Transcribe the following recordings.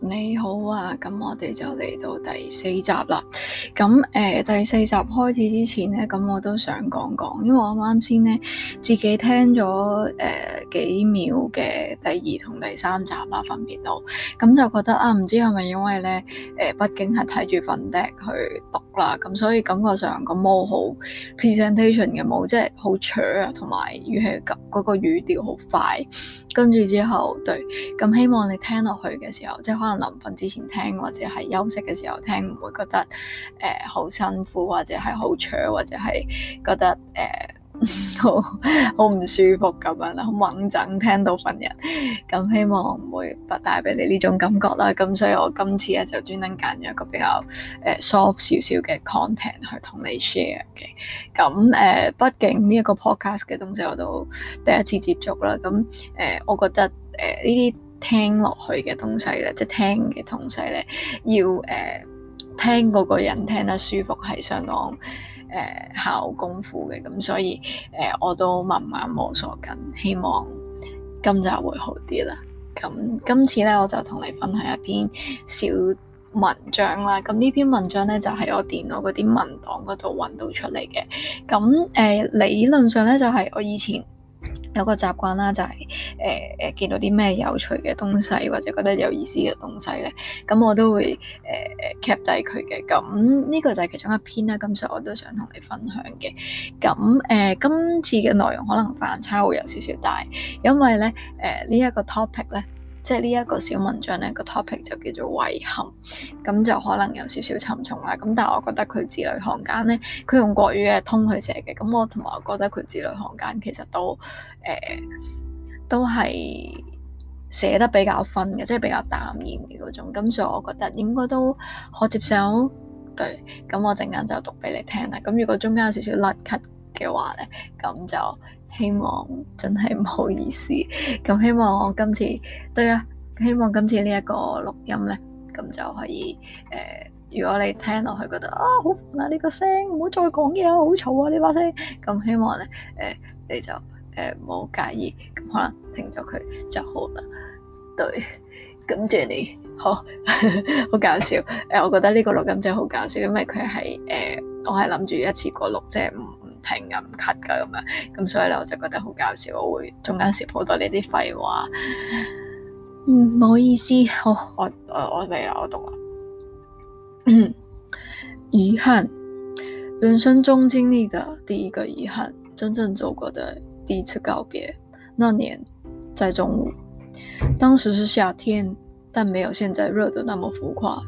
你好啊，咁我哋就嚟到第四集啦。咁誒、呃，第四集開始之前呢，咁我都想講講，因為我啱啱先呢，自己聽咗誒、呃、幾秒嘅第二同第三集啦，分別都，咁就覺得啊，唔知係咪因為呢，誒、呃，畢竟係睇住份 deck 去讀啦，咁所以感覺上個模好 presentation 嘅冇，即係好 s 啊，同埋語氣嗰、那個語調好快，跟住之後對，咁希望你聽落去嘅時候。即係可能臨瞓之前聽，或者係休息嘅時候聽，唔會覺得誒好、呃、辛苦，或者係好嘈，或者係覺得誒、呃、好好唔舒服咁樣啦，好猛震聽到瞓人。咁希望唔會不帶帶俾你呢種感覺啦。咁所以我今次咧就專登揀咗一個比較誒 soft 少少嘅 content 去同你 share 嘅。咁誒畢竟呢一個 podcast 嘅東西我都第一次接觸啦。咁誒、呃、我覺得誒呢啲。呃聽落去嘅東西咧，即係聽嘅同時咧，要誒、呃、聽嗰個人聽得舒服，係相當誒、呃、考功夫嘅。咁所以誒、呃，我都慢慢摸索緊，希望今集會好啲啦。咁今次咧，我就同你分享一篇小文章啦。咁呢篇文章咧，就係、是、我電腦嗰啲文檔嗰度搵到出嚟嘅。咁誒、呃，理論上咧，就係、是、我以前。有個習慣啦，就係誒誒見到啲咩有趣嘅東西，或者覺得有意思嘅東西咧，咁我都會誒誒 cap 低佢嘅。咁、呃、呢、這個就係其中一篇啦。咁所以我都想同你分享嘅。咁誒、呃、今次嘅內容可能反差會有少少大，因為咧誒呢一、呃這個 topic 咧。即係呢一個小文章咧，個 topic 就叫做遺憾，咁就可能有少少沉重啦。咁但係我覺得佢字裏行間咧，佢用國語嘅通去寫嘅，咁我同埋我覺得佢字裏行間其實都誒、欸、都係寫得比較分嘅，即係比較淡然嘅嗰種。咁所以我覺得應該都可接受。對，咁我陣間就讀俾你聽啦。咁如果中間有少少甩咳。嘅話咧，咁就希望真係唔好意思。咁希望我今次，對啊，希望今次錄呢一個錄音咧，咁就可以誒、呃。如果你聽落去覺得啊好煩啊，呢、呢個聲唔好再講嘢啊，好嘈啊呢把聲。咁希望咧誒、呃，你就唔好、呃、介意。咁可能停咗佢就好啦。對，感謝你。好，好 搞笑。誒，我覺得呢個錄音真係好搞笑，因為佢係誒，我係諗住一次過錄，即係唔。停噶唔 cut 噶咁樣，咁所以咧我就覺得好搞笑，我會中間接好多呢啲廢話，嗯，唔好意思，我我我嚟啦，我懂啦。 遺憾，人生中經歷的第一個遺憾，真正走過的第一次告別。那年在中午，當時是夏天，但沒有現在熱得那麼浮誇。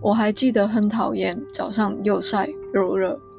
我還記得很討厭早上又曬又熱。